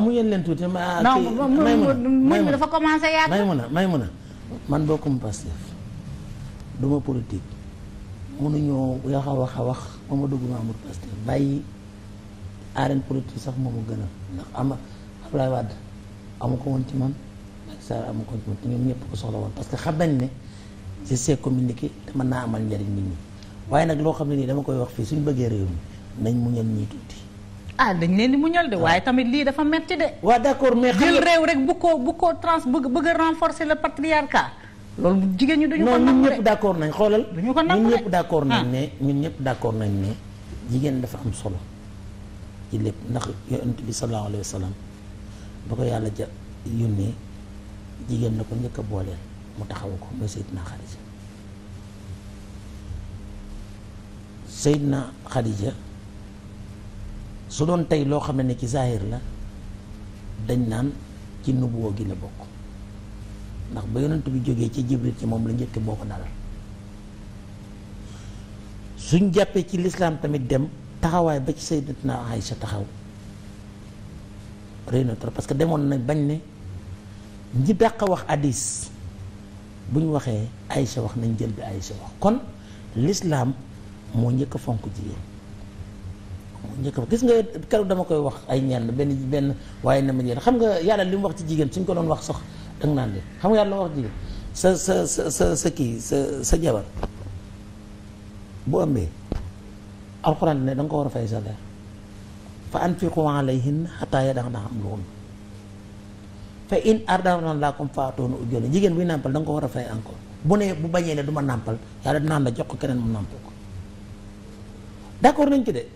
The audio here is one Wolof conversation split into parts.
amu yéen leen tuuti ma. non muñ mi dafa commencé may mun a may mun a man bokkum Pastef du ma politique mënuñoo wax a a wax ba ma dugg ma amul Pastef bàyyi arène politique sax moomu gën a ndax ama Abdoulaye Wade amu ko woon ci man Macky Sall ko woon ci ñoom ñëpp ko soxla woon parce que xam nañ ne je sais communiquer te mën naa amal njariñ nit ñi waaye nag loo xam ne nii dama koy wax fii suñu bëggee réew mi nañ mu ñal ñii tuuti. ah dañ leen di muñal de waaye ah. tamit lii dafa metti de. waaw d'accord mais xam nga réew rek bu ko bu ko trans bëgg a renforcer le patriarcat. loolu jigéen ñi duñu ko nangu ñun ñëpp nañ xoolal. duñu ko nangu ñun ñëpp d'accord nañ ah. ne ñun ñëpp d'accord nañ ne jigéen dafa am solo ci lépp ndax yonent bi sallallahu alayhi wa ba ko yàlla ja yónnee jigéen la ko njëkk a booleel mu taxawu ko mooy Seydina Khadija Seydina Khadija. su doon tey loo xam ne ci zahir la dañ naan ci nubuwoo gi la bokk ndax ba yonent bi jógee ci jibril ci moom la njëkk moo ko dalal suñ jàppee ci lislaam tamit dem taxawaay ba ci ay Aïcha taxaw rëy na trop parce que demoon na bañ ne ñi dàq wax hadis bu ñu waxee Aïcha wax nañ jël bi Aïcha wax kon lislaam moo njëkk fonk jigéen njëkk fa gis nga keroog dama koy wax ay ñenn benn benn waaye na ma ñeen xam nga yàlla li mu wax ci jigéen suñ ko doon wax sax danga naan de xam nga yàlla lu wax jigéen sa sa sa sa sa sa sa jabar bu ëmbee ne da ko war a fay salaire fa anfiqu alayhinna xataa yada'na hamlahunna fa in arda'na jigéen buy nàmpal danga ko war a fay encore bu nee bu bañee ne du ma nàmpal yàlla dinaan la jox ko keneen mu nàmpal ko nañ ci de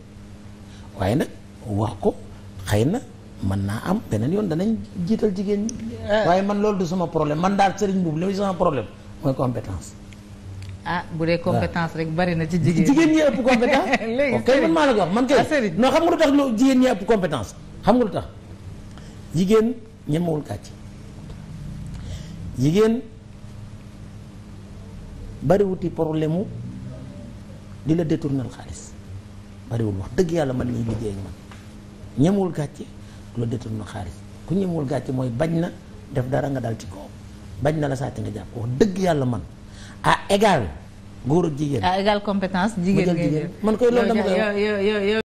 waaye nag wax ko xëy na mën naa am beneen yoon danañ jiital jigéen ñi. Ah. waaye man loolu du sama problème man daal sëriñ boobu li muy sama problème mooy compétence. ah bu dee compétence ah. rek bari na ci jigéen jigéen ñi ëpp compétence. léegi ok man maa la ko wax man kay. Ah, non xam nga lu tax lu jigéen ñi ëpp compétence xam nga lu tax jigéen ñemewul kàcc jigéen bariwuti problème mu di la détournel xaalis. bariwul wax dëgg yàlla man lay liggéey ak man ñemewul gàcce loolu détourne na xaalis ku ñemewul gàcce mooy bañ na def dara nga dal ci kaw bañ na la sàcc nga jàpp wax dëgg yàlla man a égal góor ak jigéen. a égal compétence jigéen ngay man koy loolu dama koy